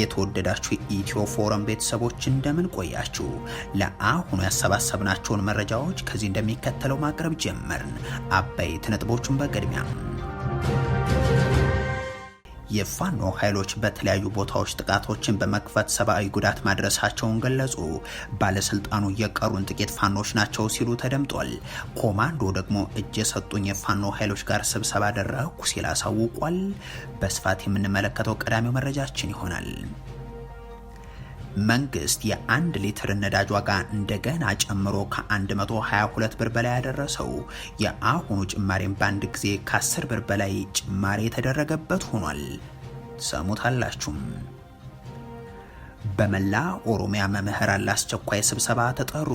የተወደዳችሁ የኢትዮ ፎረም ቤተሰቦች እንደምን ቆያችሁ? ለአሁኑ ያሰባሰብናቸውን መረጃዎች ከዚህ እንደሚከተለው ማቅረብ ጀመርን። አበይት ነጥቦቹን በቅድሚያ የፋኖ ኃይሎች በተለያዩ ቦታዎች ጥቃቶችን በመክፈት ሰብአዊ ጉዳት ማድረሳቸውን ገለጹ። ባለስልጣኑ የቀሩን ጥቂት ፋኖች ናቸው ሲሉ ተደምጧል። ኮማንዶ ደግሞ እጅ የሰጡኝ የፋኖ ኃይሎች ጋር ስብሰባ አደረኩ ሲል አሳውቋል። በስፋት የምንመለከተው ቀዳሚው መረጃችን ይሆናል። መንግስት የአንድ ሊትር ነዳጅ ዋጋ እንደገና ጨምሮ ከ122 ብር በላይ ያደረሰው የአሁኑ ጭማሪም በአንድ ጊዜ ከ10 ብር በላይ ጭማሪ የተደረገበት ሆኗል። ሰሙታላችሁም። በመላ ኦሮሚያ መምህራን ለአስቸኳይ ስብሰባ ተጠሩ።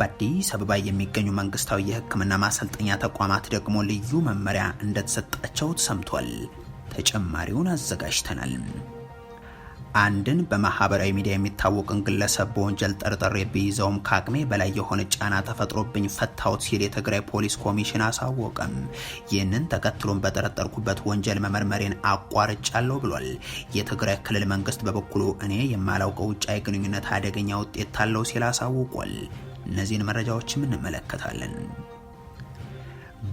በአዲስ አበባ የሚገኙ መንግስታዊ የሕክምና ማሰልጠኛ ተቋማት ደግሞ ልዩ መመሪያ እንደተሰጣቸው ተሰምቷል። ተጨማሪውን አዘጋጅተናል። አንድን በማህበራዊ ሚዲያ የሚታወቅን ግለሰብ በወንጀል ጠርጥሬ ቢይዘውም ከአቅሜ በላይ የሆነ ጫና ተፈጥሮብኝ ፈታሁት ሲል የትግራይ ፖሊስ ኮሚሽን አሳወቀም። ይህንን ተከትሎም በጠረጠርኩበት ወንጀል መመርመሬን አቋርጫለሁ ብሏል። የትግራይ ክልል መንግስት በበኩሉ እኔ የማላውቀው ውጫዊ ግንኙነት አደገኛ ውጤት አለው ሲል አሳውቋል። እነዚህን መረጃዎችም እንመለከታለን።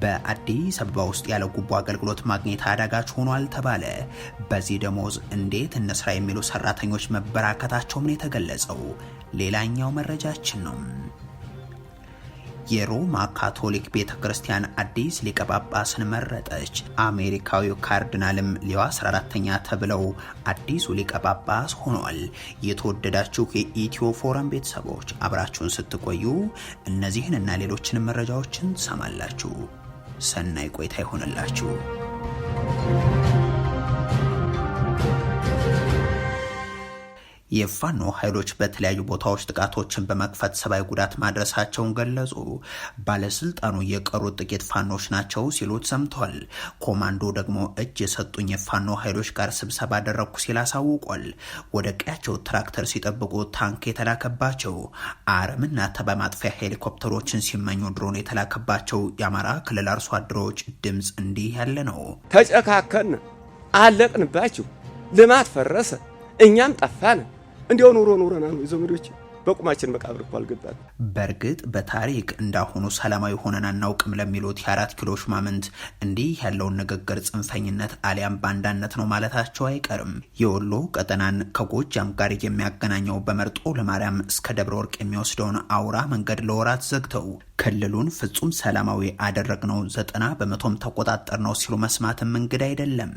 በአዲስ አበባ ውስጥ ያለ ጉቦ አገልግሎት ማግኘት አዳጋች ሆኗል ተባለ። በዚህ ደሞዝ እንዴት እንስራ የሚሉ ሰራተኞች መበራከታቸውም ነው የተገለጸው። ሌላኛው መረጃችን ነው። የሮማ ካቶሊክ ቤተ ክርስቲያን አዲስ ሊቀ ጳጳስን መረጠች። አሜሪካዊው ካርዲናልም ሊዮ 14ተኛ ተብለው አዲሱ ሊቀ ጳጳስ ሆኗል። የተወደዳችሁ የኢትዮ ፎረም ቤተሰቦች አብራችሁን ስትቆዩ እነዚህን እና ሌሎችንም መረጃዎችን ትሰማላችሁ። ሰናይ ቆይታ ይሆንላችሁ። የፋኖ ኃይሎች በተለያዩ ቦታዎች ጥቃቶችን በመክፈት ሰብአዊ ጉዳት ማድረሳቸውን ገለጹ። ባለስልጣኑ የቀሩት ጥቂት ፋኖች ናቸው ሲሉት ሰምተዋል። ኮማንዶ ደግሞ እጅ የሰጡኝ የፋኖ ኃይሎች ጋር ስብሰባ አደረግኩ ሲል አሳውቋል። ወደ ቀያቸው ትራክተር ሲጠብቁ ታንክ የተላከባቸው አረምና ተበማጥፊያ ማጥፊያ ሄሊኮፕተሮችን ሲመኙ ድሮን የተላከባቸው የአማራ ክልል አርሶ አደሮች ድምፅ እንዲህ ያለ ነው። ተጨካከን አለቅንባችሁ፣ ልማት ፈረሰ፣ እኛም ጠፋን። እንዲያው ኑሮ ኑረና ነው ዘመዶች በቁማችን መቃብር እኮ አልገባል። በእርግጥ በታሪክ እንዳሁኑ ሰላማዊ ሆነን አናውቅም ለሚሉት የአራት ኪሎ ሹማምንት እንዲህ ያለውን ንግግር ጽንፈኝነት አሊያም ባንዳነት ነው ማለታቸው አይቀርም። የወሎ ቀጠናን ከጎጃም ጋር የሚያገናኘው በመርጦ ለማርያም እስከ ደብረ ወርቅ የሚወስደውን አውራ መንገድ ለወራት ዘግተው ክልሉን ፍጹም ሰላማዊ አደረግነው ዘጠና በመቶም ተቆጣጠር ነው ሲሉ መስማትም እንግዳ አይደለም።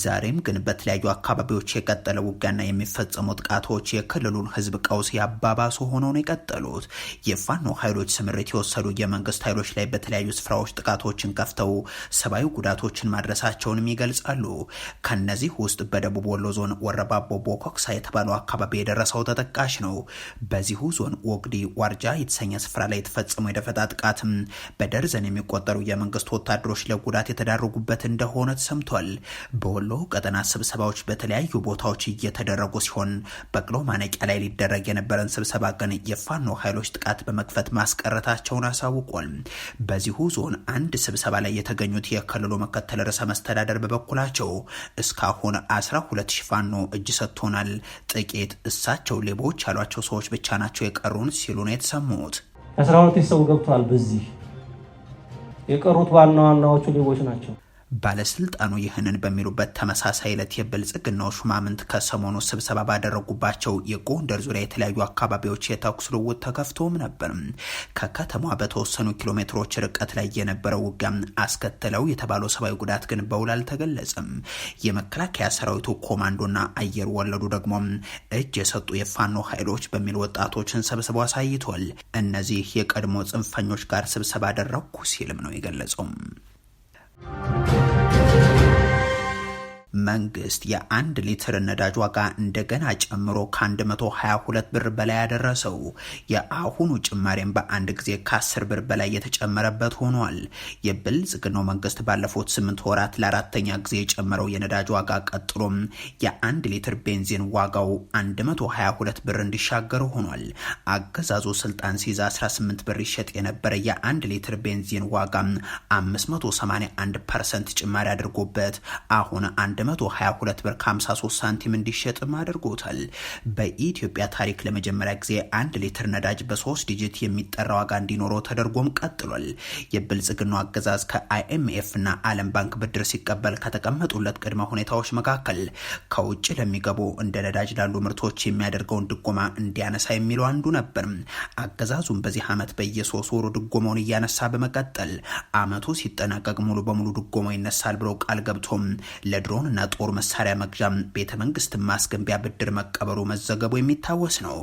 ዛሬም ግን በተለያዩ አካባቢዎች የቀጠለ ውጊያና የሚፈጸሙ ጥቃቶች የክልሉን ህዝብ ቀውስ ያባባሱ ሆነው ነው የቀጠሉት። የፋኖ ኃይሎች ስምሪት የወሰዱ የመንግስት ኃይሎች ላይ በተለያዩ ስፍራዎች ጥቃቶችን ከፍተው ሰብአዊ ጉዳቶችን ማድረሳቸውንም ይገልጻሉ። ከነዚህ ውስጥ በደቡብ ወሎ ዞን ወረባቦ ቦኮክሳ የተባለው አካባቢ የደረሰው ተጠቃሽ ነው። በዚሁ ዞን ወግዲ ዋርጃ የተሰኘ ስፍራ ላይ የተፈጸመው የደፈ በተቃጣ ጥቃትም በደርዘን የሚቆጠሩ የመንግስት ወታደሮች ለጉዳት የተዳረጉበት እንደሆነ ተሰምቷል። በወሎ ቀጠና ስብሰባዎች በተለያዩ ቦታዎች እየተደረጉ ሲሆን በቅሎ ማነቂያ ላይ ሊደረግ የነበረን ስብሰባ ግን የፋኖ ኃይሎች ጥቃት በመክፈት ማስቀረታቸውን አሳውቋል። በዚሁ ዞን አንድ ስብሰባ ላይ የተገኙት የክልሉ መከተል ርዕሰ መስተዳደር በበኩላቸው እስካሁን 12 ሺህ ፋኖ እጅ ሰጥቶናል፣ ጥቂት እሳቸው ሌቦች ያሏቸው ሰዎች ብቻ ናቸው የቀሩን ሲሉ ነው የተሰሙት። አስራ ሁለት ሰው ገብቷል። በዚህ የቀሩት ዋና ዋናዎቹ ሌቦች ናቸው። ባለስልጣኑ ይህንን በሚሉበት ተመሳሳይ ዕለት የብልጽግናው ሹማምንት ከሰሞኑ ስብሰባ ባደረጉባቸው የጎንደር ዙሪያ የተለያዩ አካባቢዎች የተኩስ ልውውጥ ተከፍቶም ነበር። ከከተማ በተወሰኑ ኪሎ ሜትሮች ርቀት ላይ የነበረው ውጊያ አስከተለው የተባለው ሰብአዊ ጉዳት ግን በውል አልተገለጸም። የመከላከያ ሰራዊቱ ኮማንዶና አየር ወለዱ ደግሞ እጅ የሰጡ የፋኖ ኃይሎች በሚል ወጣቶችን ሰብስበው አሳይቷል። እነዚህ የቀድሞ ጽንፈኞች ጋር ስብሰባ አደረግኩ ሲልም ነው የገለጸው። መንግስት የአንድ ሊትር ነዳጅ ዋጋ እንደገና ጨምሮ ከ122 ብር በላይ ያደረሰው የአሁኑ ጭማሬም በአንድ ጊዜ ከ10 ብር በላይ የተጨመረበት ሆኗል። የብልጽግናው መንግስት ባለፉት ስምንት ወራት ለአራተኛ ጊዜ የጨመረው የነዳጅ ዋጋ ቀጥሎም የአንድ ሊትር ቤንዚን ዋጋው 122 ብር እንዲሻገር ሆኗል። አገዛዙ ስልጣን ሲይዝ 18 ብር ይሸጥ የነበረ የአንድ ሊትር ቤንዚን ዋጋ 581 ፐርሰንት ጭማሪ አድርጎበት አሁን 122 ብር ከ53 ሳንቲም እንዲሸጥም አድርጎታል። በኢትዮጵያ ታሪክ ለመጀመሪያ ጊዜ አንድ ሊትር ነዳጅ በሶስት ዲጂት የሚጠራ ዋጋ እንዲኖረው ተደርጎም ቀጥሏል። የብልጽግናው አገዛዝ ከአይኤምኤፍ እና ዓለም ባንክ ብድር ሲቀበል ከተቀመጡለት ቅድመ ሁኔታዎች መካከል ከውጭ ለሚገቡ እንደ ነዳጅ ላሉ ምርቶች የሚያደርገውን ድጎማ እንዲያነሳ የሚለው አንዱ ነበር። አገዛዙም በዚህ ዓመት በየሶስት ወሩ ድጎማውን እያነሳ በመቀጠል ዓመቱ ሲጠናቀቅ ሙሉ በሙሉ ድጎማው ይነሳል ብለው ቃል ገብቶም ለድሮን ድሮንና ጦር መሳሪያ መግዣም ቤተ መንግስት ማስገንቢያ ብድር መቀበሩ መዘገቡ የሚታወስ ነው።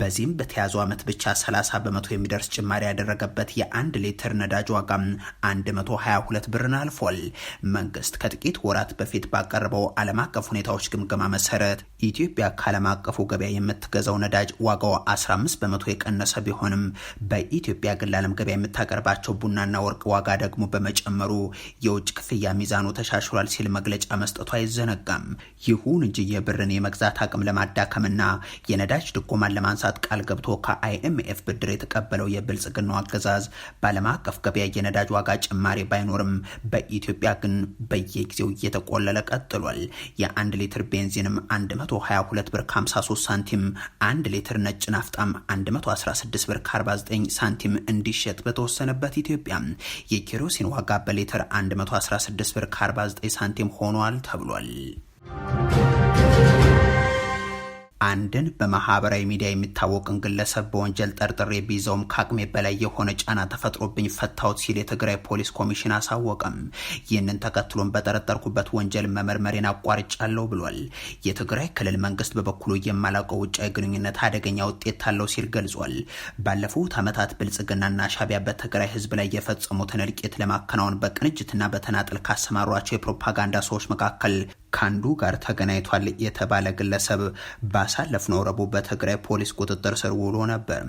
በዚህም በተያዘው ዓመት ብቻ 30 በመቶ የሚደርስ ጭማሪ ያደረገበት የአንድ ሊትር ነዳጅ ዋጋም 122 ብርን አልፏል። መንግስት ከጥቂት ወራት በፊት ባቀረበው ዓለም አቀፍ ሁኔታዎች ግምገማ መሰረት ኢትዮጵያ ከዓለም አቀፉ ገበያ የምትገዛው ነዳጅ ዋጋው 15 በመቶ የቀነሰ ቢሆንም በኢትዮጵያ ግን ለዓለም ገበያ የምታቀርባቸው ቡናና ወርቅ ዋጋ ደግሞ በመጨመሩ የውጭ ክፍያ ሚዛኑ ተሻሽሏል ሲል መግለጫ መስጠቱ አይዘነጋም። ይሁን እንጂ የብርን የመግዛት አቅም ለማዳከምና የነዳጅ ድጎማን ለማንሳት ቃል ገብቶ ከአይኤምኤፍ ብድር የተቀበለው የብልጽግናው አገዛዝ በዓለም አቀፍ ገበያ የነዳጅ ዋጋ ጭማሪ ባይኖርም በኢትዮጵያ ግን በየጊዜው እየተቆለለ ቀጥሏል። የአንድ ሊትር ቤንዚንም 122 ብር 53 ሳንቲም፣ አንድ ሊትር ነጭ ናፍጣም 116 ብር 49 ሳንቲም እንዲሸጥ በተወሰነበት ኢትዮጵያ የኬሮሲን ዋጋ በሊትር 116 ብር 49 ሳንቲም ሆኗል ተብሏል። ተብሏል። አንድን በማህበራዊ ሚዲያ የሚታወቅን ግለሰብ በወንጀል ጠርጥሬ ቢይዘውም ከአቅሜ በላይ የሆነ ጫና ተፈጥሮብኝ ፈታሁት ሲል የትግራይ ፖሊስ ኮሚሽን አሳወቀም። ይህንን ተከትሎም በጠረጠርኩበት ወንጀል መመርመሬን አቋርጫለሁ ብሏል። የትግራይ ክልል መንግስት በበኩሉ የማላውቀው ውጫዊ ግንኙነት አደገኛ ውጤት አለው ሲል ገልጿል። ባለፉት ዓመታት ብልጽግናና ሻቢያ በትግራይ ህዝብ ላይ የፈጸሙትን እልቂት ለማከናወን በቅንጅትና በተናጥል ካሰማሯቸው የፕሮፓጋንዳ ሰዎች መካከል ከአንዱ ጋር ተገናኝቷል የተባለ ግለሰብ ባሳለፍነው ረቡዕ በትግራይ ፖሊስ ቁጥጥር ስር ውሎ ነበር።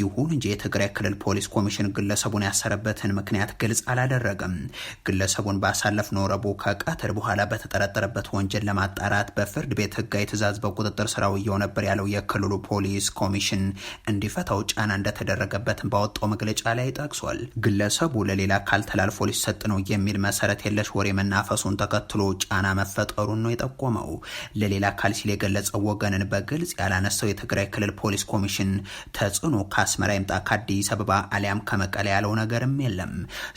ይሁን እንጂ የትግራይ ክልል ፖሊስ ኮሚሽን ግለሰቡን ያሰረበትን ምክንያት ግልጽ አላደረገም። ግለሰቡን ባሳለፍነው ረቡዕ ከቀትር በኋላ በተጠረጠረበት ወንጀል ለማጣራት በፍርድ ቤት ህጋዊ ትዕዛዝ በቁጥጥር ስር አውየው ነበር ያለው የክልሉ ፖሊስ ኮሚሽን እንዲፈታው ጫና እንደተደረገበትም ባወጣው መግለጫ ላይ ጠቅሷል። ግለሰቡ ለሌላ አካል ተላልፎ ሊሰጥ ነው የሚል መሰረት የለሽ ወሬ መናፈሱን ተከትሎ ጫና መፈጠሩ መፈጠሩን ነው የጠቆመው። ለሌላ አካል ሲል የገለጸው ወገንን በግልጽ ያላነሳው የትግራይ ክልል ፖሊስ ኮሚሽን ተጽዕኖ ከአስመራ ይምጣ ከአዲስ አበባ አሊያም ከመቀለ ያለው ነገርም የለም።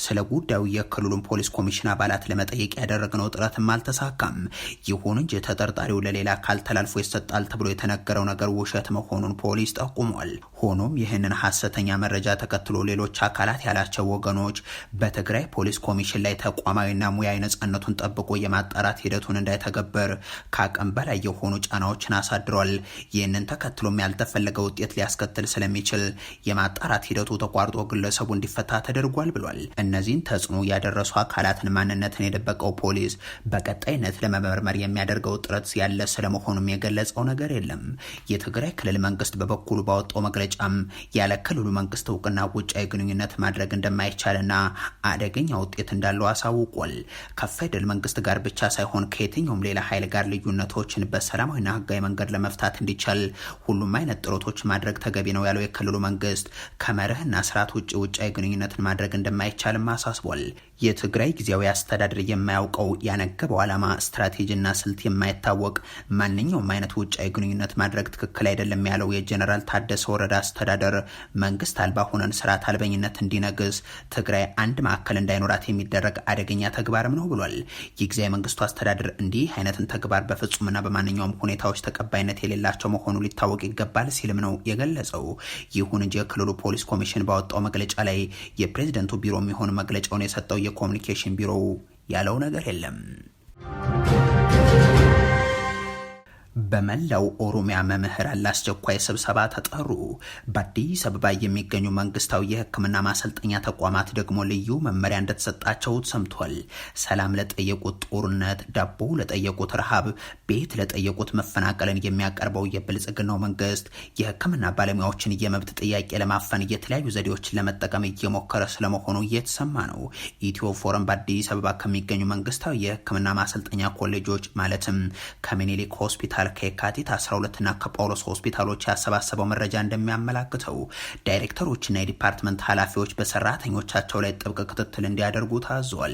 ስለ ጉዳዩ የክልሉን ፖሊስ ኮሚሽን አባላት ለመጠየቅ ያደረግነው ጥረትም አልተሳካም። ይሁን እንጂ ተጠርጣሪው ለሌላ አካል ተላልፎ ይሰጣል ተብሎ የተነገረው ነገር ውሸት መሆኑን ፖሊስ ጠቁሟል። ሆኖም ይህንን ሐሰተኛ መረጃ ተከትሎ ሌሎች አካላት ያላቸው ወገኖች በትግራይ ፖሊስ ኮሚሽን ላይ ተቋማዊና ሙያዊ ነጻነቱን ጠብቆ የማጣራት ሂደቱን እንዳ እንዳይተገበር ከአቅም በላይ የሆኑ ጫናዎችን አሳድሯል። ይህንን ተከትሎም ያልተፈለገ ውጤት ሊያስከትል ስለሚችል የማጣራት ሂደቱ ተቋርጦ ግለሰቡ እንዲፈታ ተደርጓል ብሏል። እነዚህን ተጽዕኖ ያደረሱ አካላትን ማንነትን የደበቀው ፖሊስ በቀጣይነት ለመመርመር የሚያደርገው ጥረት ያለ ስለመሆኑም የገለጸው ነገር የለም። የትግራይ ክልል መንግስት በበኩሉ ባወጣው መግለጫም ያለ ክልሉ መንግስት እውቅና ውጫዊ ግንኙነት ማድረግ እንደማይቻልና አደገኛ ውጤት እንዳለው አሳውቋል። ከፌደራል መንግስት ጋር ብቻ ሳይሆን ከየትኛ ከየትኛውም ሌላ ኃይል ጋር ልዩነቶችን በሰላማዊና ህጋዊ መንገድ ለመፍታት እንዲቻል ሁሉም አይነት ጥረቶች ማድረግ ተገቢ ነው ያለው የክልሉ መንግስት ከመርህና ስርዓት ውጭ ውጫዊ ግንኙነትን ማድረግ እንደማይቻልም አሳስቧል። የትግራይ ጊዜያዊ አስተዳደር የማያውቀው ያነገበው ዓላማ፣ ስትራቴጂና ስልት የማይታወቅ ማንኛውም አይነት ውጫዊ ግንኙነት ማድረግ ትክክል አይደለም ያለው የጀኔራል ታደሰ ወረዳ አስተዳደር መንግስት አልባ ሆነን ስርዓት አልበኝነት እንዲነግስ ትግራይ አንድ ማዕከል እንዳይኖራት የሚደረግ አደገኛ ተግባርም ነው ብሏል። የጊዜያዊ መንግስቱ አስተዳደር እንዲ እንዲህ አይነትን ተግባር በፍጹምና በማንኛውም ሁኔታዎች ተቀባይነት የሌላቸው መሆኑ ሊታወቅ ይገባል ሲልም ነው የገለጸው። ይሁን እንጂ የክልሉ ፖሊስ ኮሚሽን ባወጣው መግለጫ ላይ የፕሬዝደንቱ ቢሮ የሚሆን መግለጫውን የሰጠው የኮሚኒኬሽን ቢሮው ያለው ነገር የለም። በመላው ኦሮሚያ መምህራን ለአስቸኳይ ስብሰባ ተጠሩ። በአዲስ አበባ የሚገኙ መንግስታዊ የሕክምና ማሰልጠኛ ተቋማት ደግሞ ልዩ መመሪያ እንደተሰጣቸው ሰምቷል። ሰላም ለጠየቁት ጦርነት፣ ዳቦ ለጠየቁት ረሃብ፣ ቤት ለጠየቁት መፈናቀልን የሚያቀርበው የብልጽግናው መንግስት የሕክምና ባለሙያዎችን የመብት ጥያቄ ለማፈን የተለያዩ ዘዴዎችን ለመጠቀም እየሞከረ ስለመሆኑ እየተሰማ ነው። ኢትዮ ፎረም በአዲስ አበባ ከሚገኙ መንግስታዊ የሕክምና ማሰልጠኛ ኮሌጆች ማለትም ከሚኒሊክ ሆስፒታል ጋር ከየካቲት 12ና ከጳውሎስ ሆስፒታሎች ያሰባሰበው መረጃ እንደሚያመላክተው ዳይሬክተሮችና የዲፓርትመንት ኃላፊዎች በሰራተኞቻቸው ላይ ጥብቅ ክትትል እንዲያደርጉ ታዟል።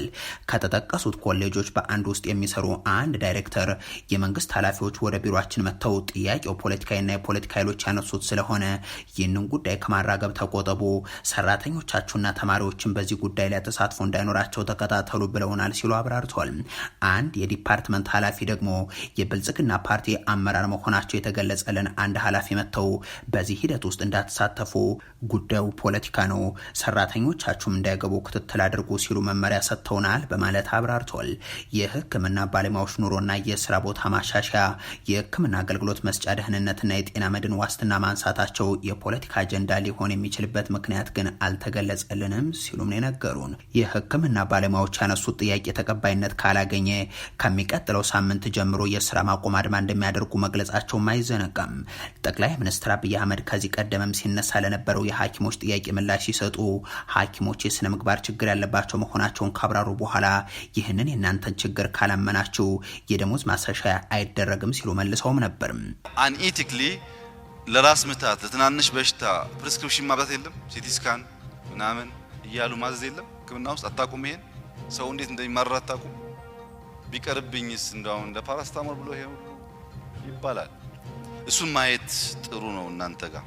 ከተጠቀሱት ኮሌጆች በአንድ ውስጥ የሚሰሩ አንድ ዳይሬክተር የመንግስት ኃላፊዎች ወደ ቢሮችን መጥተው ጥያቄው ፖለቲካዊና የፖለቲካ ኃይሎች ያነሱት ስለሆነ ይህንን ጉዳይ ከማራገብ ተቆጠቡ፣ ሰራተኞቻችሁና ተማሪዎችን በዚህ ጉዳይ ላይ ተሳትፎ እንዳይኖራቸው ተከታተሉ ብለውናል ሲሉ አብራርተዋል። አንድ የዲፓርትመንት ኃላፊ ደግሞ የብልጽግና ፓርቲ አመራር መሆናቸው የተገለጸልን አንድ ኃላፊ መጥተው በዚህ ሂደት ውስጥ እንዳትሳተፉ፣ ጉዳዩ ፖለቲካ ነው፣ ሰራተኞቻችሁም እንዳይገቡ ክትትል አድርጉ ሲሉ መመሪያ ሰጥተውናል በማለት አብራርቷል። የህክምና ባለሙያዎች ኑሮና የስራ ቦታ ማሻሻያ፣ የህክምና አገልግሎት መስጫ ደህንነትና የጤና መድን ዋስትና ማንሳታቸው የፖለቲካ አጀንዳ ሊሆን የሚችልበት ምክንያት ግን አልተገለጸልንም ሲሉም ነው የነገሩን። የህክምና ባለሙያዎች ያነሱት ጥያቄ ተቀባይነት ካላገኘ ከሚቀጥለው ሳምንት ጀምሮ የስራ ማቆም አድማ እንደሚያ እንደሚያደርጉ መግለጻቸውም አይዘነጋም። ጠቅላይ ሚኒስትር አብይ አህመድ ከዚህ ቀደምም ሲነሳ ለነበረው የሐኪሞች ጥያቄ ምላሽ ሲሰጡ ሐኪሞች የስነ ምግባር ችግር ያለባቸው መሆናቸውን ካብራሩ በኋላ ይህንን የእናንተን ችግር ካላመናችሁ የደሞዝ ማሻሻያ አይደረግም ሲሉ መልሰውም ነበር። አንኢቲክሊ ለራስ ምታት፣ ለትናንሽ በሽታ ፕሪስክሪፕሽን ማብዛት የለም ሲቲስካን ምናምን እያሉ ማዘዝ የለም ህክምና ውስጥ አታቁም። ይሄን ሰው እንዴት እንደሚማራ አታቁም። ቢቀርብኝስ እንደው እንደ ብሎ ይሄ ይባላል። እሱን ማየት ጥሩ ነው። እናንተ ጋር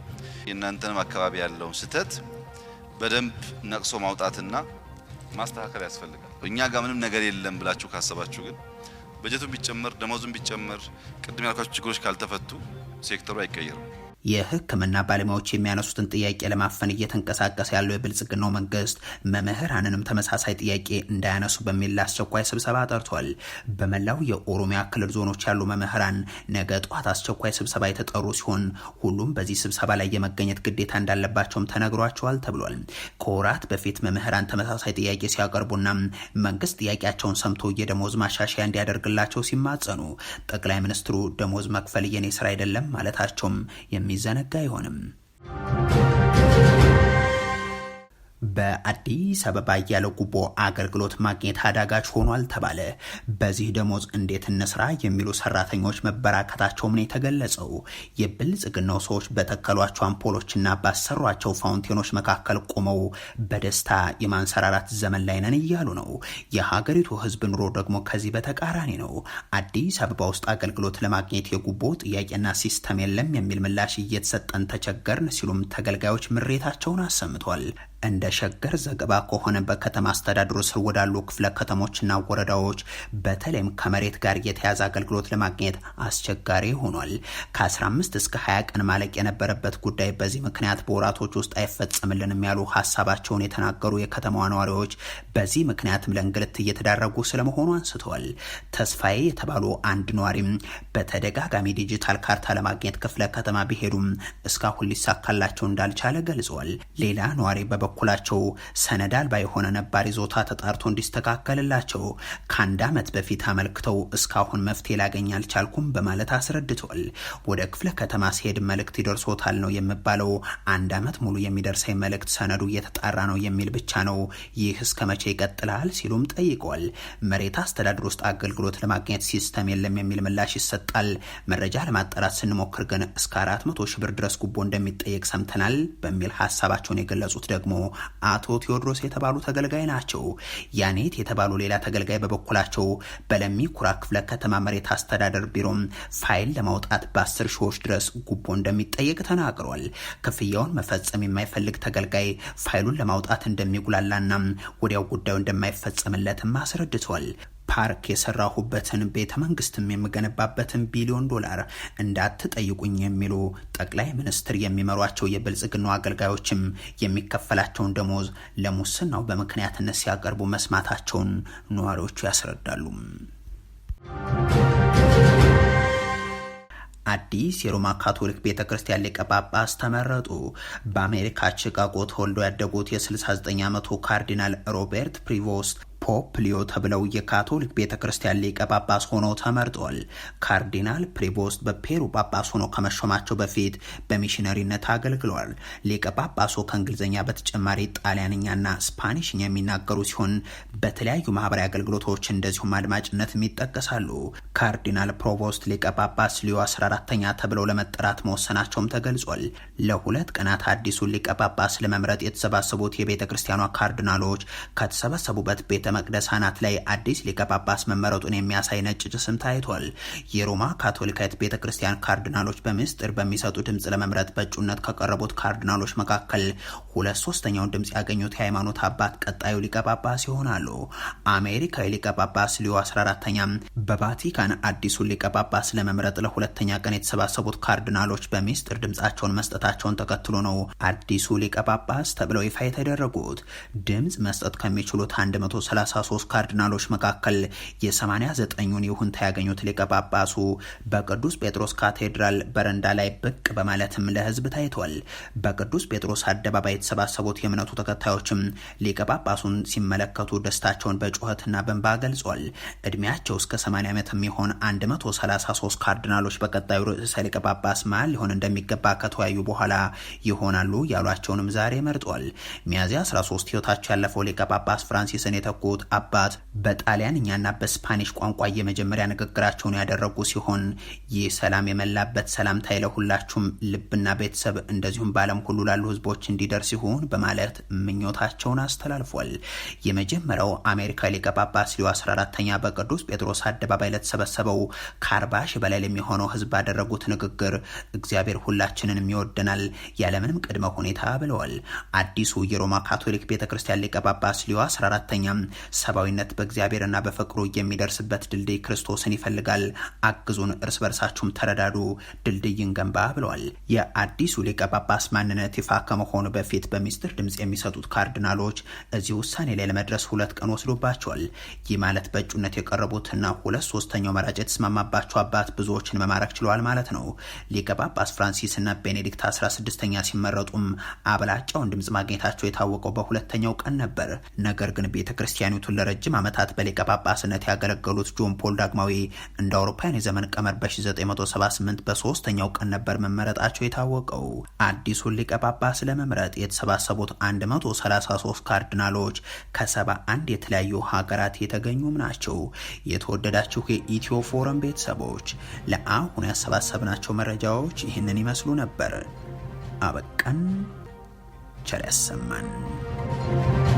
የእናንተንም አካባቢ ያለውን ስህተት በደንብ ነቅሶ ማውጣትና ማስተካከል ያስፈልጋል። እኛ ጋር ምንም ነገር የለም ብላችሁ ካሰባችሁ ግን በጀቱን ቢጨምር ደሞዙን ቢጨምር ቅድም ያልኳቸው ችግሮች ካልተፈቱ ሴክተሩ አይቀየርም። የህክምና ባለሙያዎች የሚያነሱትን ጥያቄ ለማፈን እየተንቀሳቀሰ ያለው የብልጽግናው መንግስት መምህራንንም ተመሳሳይ ጥያቄ እንዳያነሱ በሚል ለአስቸኳይ ስብሰባ ጠርቷል። በመላው የኦሮሚያ ክልል ዞኖች ያሉ መምህራን ነገ ጠዋት አስቸኳይ ስብሰባ የተጠሩ ሲሆን ሁሉም በዚህ ስብሰባ ላይ የመገኘት ግዴታ እንዳለባቸውም ተነግሯቸዋል ተብሏል። ከወራት በፊት መምህራን ተመሳሳይ ጥያቄ ሲያቀርቡና መንግስት ጥያቄያቸውን ሰምቶ የደሞዝ ማሻሻያ እንዲያደርግላቸው ሲማጸኑ ጠቅላይ ሚኒስትሩ ደሞዝ መክፈል የኔ ስራ አይደለም ማለታቸውም የሚ የሚዘነጋ አይሆንም። በአዲስ አበባ ያለ ጉቦ አገልግሎት ማግኘት አዳጋች ሆኗል ተባለ። በዚህ ደሞዝ እንዴት እንስራ የሚሉ ሰራተኞች መበራከታቸውም ነው የተገለጸው። የብልጽግናው ሰዎች በተከሏቸው አምፖሎችና ባሰሯቸው ፋውንቴኖች መካከል ቆመው በደስታ የማንሰራራት ዘመን ላይ ነን እያሉ ነው። የሀገሪቱ ሕዝብ ኑሮ ደግሞ ከዚህ በተቃራኒ ነው። አዲስ አበባ ውስጥ አገልግሎት ለማግኘት የጉቦ ጥያቄና ሲስተም የለም የሚል ምላሽ እየተሰጠን ተቸገርን ሲሉም ተገልጋዮች ምሬታቸውን አሰምቷል። እንደ ሸገር ዘገባ ከሆነ በከተማ አስተዳደሩ ስር ወዳሉ ክፍለ ከተሞችና ወረዳዎች በተለይም ከመሬት ጋር የተያዘ አገልግሎት ለማግኘት አስቸጋሪ ሆኗል። ከ15 እስከ 20 ቀን ማለቅ የነበረበት ጉዳይ በዚህ ምክንያት በወራቶች ውስጥ አይፈጸምልንም ያሉ ሀሳባቸውን የተናገሩ የከተማዋ ነዋሪዎች በዚህ ምክንያትም ለእንግልት እየተዳረጉ ስለመሆኑ አንስተዋል። ተስፋዬ የተባሉ አንድ ነዋሪም በተደጋጋሚ ዲጂታል ካርታ ለማግኘት ክፍለ ከተማ ቢሄዱም እስካሁን ሊሳካላቸው እንዳልቻለ ገልጿል። ሌላ ነዋሪ በበ በበኩላቸው ሰነድ አልባ የሆነ ነባር ይዞታ ተጣርቶ እንዲስተካከልላቸው ከአንድ ዓመት በፊት አመልክተው እስካሁን መፍትሄ ላገኝ አልቻልኩም በማለት አስረድተዋል። ወደ ክፍለ ከተማ ሲሄድ መልእክት ይደርሶታል ነው የሚባለው። አንድ ዓመት ሙሉ የሚደርሰኝ መልእክት ሰነዱ እየተጣራ ነው የሚል ብቻ ነው። ይህ እስከ መቼ ይቀጥላል? ሲሉም ጠይቀዋል። መሬት አስተዳደር ውስጥ አገልግሎት ለማግኘት ሲስተም የለም የሚል ምላሽ ይሰጣል። መረጃ ለማጣራት ስንሞክር ግን እስከ አራት መቶ ሺህ ብር ድረስ ጉቦ እንደሚጠየቅ ሰምተናል በሚል ሀሳባቸውን የገለጹት ደግሞ አቶ ቴዎድሮስ የተባሉ ተገልጋይ ናቸው። ያኔት የተባሉ ሌላ ተገልጋይ በበኩላቸው በለሚ ኩራ ክፍለ ከተማ መሬት አስተዳደር ቢሮም ፋይል ለማውጣት በአስር ሺዎች ድረስ ጉቦ እንደሚጠየቅ ተናግሯል። ክፍያውን መፈጸም የማይፈልግ ተገልጋይ ፋይሉን ለማውጣት እንደሚጉላላና ወዲያው ጉዳዩ እንደማይፈጸምለትም አስረድቷል። ፓርክ የሰራሁበትን ቤተ መንግስትም የምገነባበትን ቢሊዮን ዶላር እንዳትጠይቁኝ የሚሉ ጠቅላይ ሚኒስትር የሚመሯቸው የብልጽግና አገልጋዮችም የሚከፈላቸውን ደሞዝ ለሙስናው በምክንያትነት ሲያቀርቡ መስማታቸውን ነዋሪዎቹ ያስረዳሉ። አዲስ የሮማ ካቶሊክ ቤተ ክርስቲያን ሊቀ ጳጳስ ተመረጡ። በአሜሪካ ቺካጎ ተወልደው ያደጉት የ69 ዓመቱ ካርዲናል ሮበርት ፕሪቮስት ፖፕ ሊዮ ተብለው የካቶሊክ ቤተ ክርስቲያን ሊቀ ጳጳስ ሆኖ ተመርጧል። ካርዲናል ፕሪቮስት በፔሩ ጳጳስ ሆኖ ከመሾማቸው በፊት በሚሽነሪነት አገልግለዋል። ሊቀ ጳጳሱ ከእንግሊዝኛ በተጨማሪ ጣሊያንኛና ስፓኒሽኛ የሚናገሩ ሲሆን በተለያዩ ማህበራዊ አገልግሎቶች እንደዚሁም አድማጭነትም ይጠቀሳሉ። ካርዲናል ፕሮቮስት ሊቀ ጳጳስ ሊዮ 14ተኛ ተብለው ለመጠራት መወሰናቸውም ተገልጿል። ለሁለት ቀናት አዲሱን ሊቀ ጳጳስ ለመምረጥ የተሰባሰቡት የቤተ ክርስቲያኗ ካርዲናሎች ከተሰበሰቡበት ቤተ ቤተ መቅደስ አናት ላይ አዲስ ሊቀ ጳጳስ መመረጡን የሚያሳይ ነጭ ጭስም ታይቷል። የሮማ ካቶሊካዊት ቤተ ክርስቲያን ካርዲናሎች በምስጢር በሚሰጡ ድምፅ ለመምረጥ በእጩነት ከቀረቡት ካርዲናሎች መካከል ሁለት ሶስተኛውን ድምፅ ያገኙት የሃይማኖት አባት ቀጣዩ ሊቀ ጳጳስ ይሆናሉ። አሜሪካዊ ሊቀ ጳጳስ ሊዮ 14ተኛ በቫቲካን አዲሱን ሊቀ ጳጳስ ለመምረጥ ለሁለተኛ ቀን የተሰባሰቡት ካርዲናሎች በሚስጥር ድምፃቸውን መስጠታቸውን ተከትሎ ነው አዲሱ ሊቀ ጳጳስ ተብለው ይፋ የተደረጉት። ድምፅ መስጠት ከሚችሉት 130 33 ካርዲናሎች መካከል የ89ኙን ይሁንታ ያገኙት ሊቀ ጳጳሱ በቅዱስ ጴጥሮስ ካቴድራል በረንዳ ላይ ብቅ በማለትም ለህዝብ ታይቷል። በቅዱስ ጴጥሮስ አደባባይ የተሰባሰቡት የእምነቱ ተከታዮችም ሊቀ ጳጳሱን ሲመለከቱ ደስታቸውን በጩኸትና በንባ ገልጿል። እድሜያቸው እስከ 80 ዓመት የሚሆን 133 ካርዲናሎች በቀጣዩ ርዕሰ ሊቀ ጳጳስ መሀል ሊሆን እንደሚገባ ከተወያዩ በኋላ ይሆናሉ ያሏቸውንም ዛሬ መርጧል። ሚያዝያ 13 ህይወታቸው ያለፈው ሊቀ ጳጳስ ፍራንሲስን የተኩ ያደረጉት አባት በጣሊያንኛና በስፓኒሽ ቋንቋ የመጀመሪያ ንግግራቸውን ያደረጉ ሲሆን ይህ ሰላም የመላበት ሰላምታ ለሁላችሁም ልብና ቤተሰብ እንደዚሁም በዓለም ሁሉ ላሉ ህዝቦች እንዲደርስ ይሁን በማለት ምኞታቸውን አስተላልፏል። የመጀመሪያው አሜሪካ ሊቀ ጳጳስ ሊዮ 14ተኛ በቅዱስ ጴጥሮስ አደባባይ ለተሰበሰበው ከአርባ ሺህ በላይ ለሚሆነው ህዝብ ባደረጉት ንግግር እግዚአብሔር ሁላችንንም ይወደናል ያለምንም ቅድመ ሁኔታ ብለዋል። አዲሱ የሮማ ካቶሊክ ቤተክርስቲያን ሊቀ ጳጳስ ሊዮ 14ተኛ ሰብአዊነት በእግዚአብሔርና በፍቅሩ የሚደርስበት ድልድይ ክርስቶስን ይፈልጋል። አግዙን፣ እርስ በርሳችሁም ተረዳዱ፣ ድልድይን ገንባ ብለዋል። የአዲሱ ሊቀ ጳጳስ ማንነት ይፋ ከመሆኑ በፊት በሚስጥር ድምፅ የሚሰጡት ካርዲናሎች እዚህ ውሳኔ ላይ ለመድረስ ሁለት ቀን ወስዶባቸዋል። ይህ ማለት በእጩነት የቀረቡትና ሁለት ሶስተኛው መራጭ የተስማማባቸው አባት ብዙዎችን መማረክ ችለዋል ማለት ነው። ሊቀ ጳጳስ ፍራንሲስና ቤኔዲክት 16ኛ ሲመረጡም አብላጫውን ድምፅ ማግኘታቸው የታወቀው በሁለተኛው ቀን ነበር። ነገር ግን ቤተ ቤተክርስቲያኒቱን ለረጅም ዓመታት በሊቀ ጳጳስነት ያገለገሉት ጆን ፖል ዳግማዊ እንደ አውሮፓውያን የዘመን ቀመር በ1978 በሶስተኛው ቀን ነበር መመረጣቸው የታወቀው። አዲሱን ሊቀ ጳጳስ ለመምረጥ የተሰባሰቡት 133 ካርዲናሎች ከ71 የተለያዩ ሀገራት የተገኙም ናቸው። የተወደዳችሁ የኢትዮ ፎረም ቤተሰቦች ለአሁን ያሰባሰብናቸው መረጃዎች ይህንን ይመስሉ ነበር። አበቃን። ቸር ያሰማን።